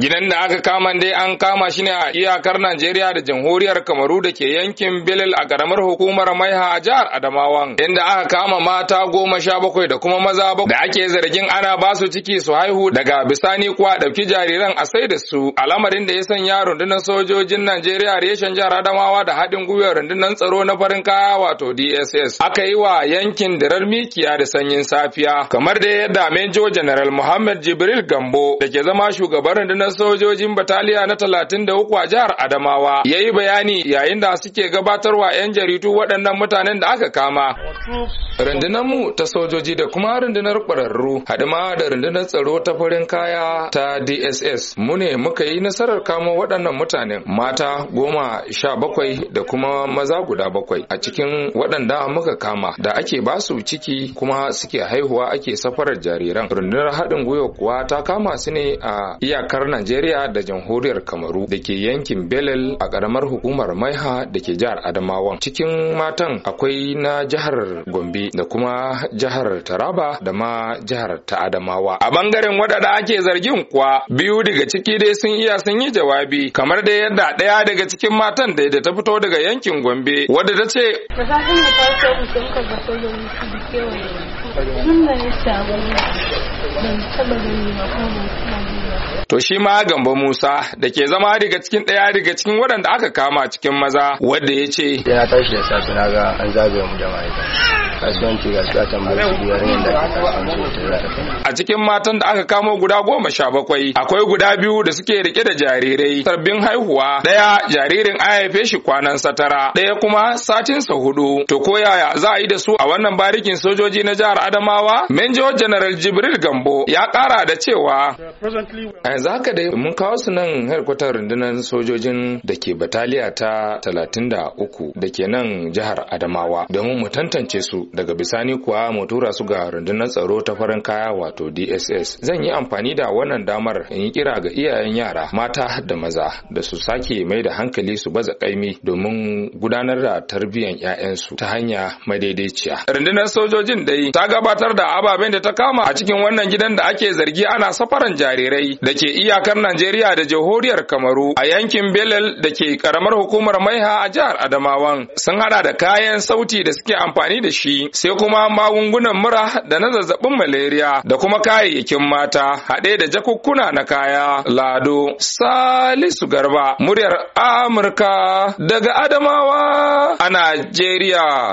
Gidan da aka kama dai an kama shi ne a iyakar Najeriya da jamhuriyar Kamaru da ke yankin Bilil a karamar hukumar Maiha a jihar Adamawan, inda aka kama mata goma sha bakwai da kuma maza bakwai da ake zargin ana ba su ciki su haihu daga bisani kuwa ɗauki jariran a sai da su. Al'amarin da ya sanya rundunar sojojin Najeriya reshen jihar Adamawa da haɗin gwiwar rundunar tsaro na farin kaya wato DSS. Aka yi wa yankin dirar mikiya da sanyin safiya, kamar da yadda Major General Muhammad Jibril Gambo da ke zama shugaban rundunar na sojojin bataliya na talatin da uku a jihar Adamawa ya yi bayani yayin da suke gabatarwa 'yan jaridu waɗannan mutanen da aka kama. rundunar mu ta sojoji da kuma rundunar kwararru haɗu ma da rundunar tsaro ta farin kaya ta dss mu ne muka yi nasarar kamo waɗannan mutanen mata goma sha bakwai da kuma maza guda bakwai a cikin waɗanda muka kama da ake ba su ciki kuma suke haihuwa ake safarar jariran rundunar haɗin gwiwa kuwa ta kama su ne a iyakar najeriya da jamhuriyar kamaru da ke yankin belel a ƙaramar hukumar maiha da ke jihar adamawan cikin matan akwai na jihar gombe da kuma jihar Taraba da ma jihar ta Adamawa. A bangaren waɗanda ake zargin kuwa biyu daga ciki dai sun iya sun yi jawabi kamar dai yadda ɗaya daga cikin matan da ta fito daga yankin Gombe wadda ta ce. To shi ma Gambo Musa da ke zama daga cikin ɗaya daga cikin waɗanda aka kama cikin maza wadda ya ce. Yana tashi da safe na ga an zagaye mu da ma'aikata. a cikin matan da aka kamo guda goma sha bakwai akwai guda biyu da suke rike da jarirai sabbin haihuwa ɗaya jaririn a haife shi kwanan satara ɗaya kuma satin sa hudu to ko yaya za a yi da su a wannan barikin sojoji na jihar adamawa menjo general jibril gambo ya ƙara da cewa a yanzu haka dai mun kawo su nan harkutar rundunar sojojin da ke bataliya ta talatin da uku da ke nan jihar adamawa domin mu tantance su daga bisani kuwa mu tura su ga rundunar tsaro ta farin kaya wato DSS zan yi amfani da wannan damar in yi kira ga iyayen yara mata da maza da su sake mai da hankali su baza kaimi domin gudanar da tarbiyyar 'ya'yansu ta hanya madaidaiciya rundunar sojojin dai ta gabatar da ababen da ta kama a cikin wannan gidan da ake zargi ana safaran jarirai da ke iyakar Najeriya da jamhuriyar Kamaru a yankin Belal da ke karamar hukumar Maiha a jihar Adamawan sun hada da kayan sauti da suke amfani da shi sai kuma magungunan mura da na zazzabin malaria da kuma kayayyakin mata haɗe da jakukkuna na kaya lado salisu garba muryar amurka daga adamawa a najeriya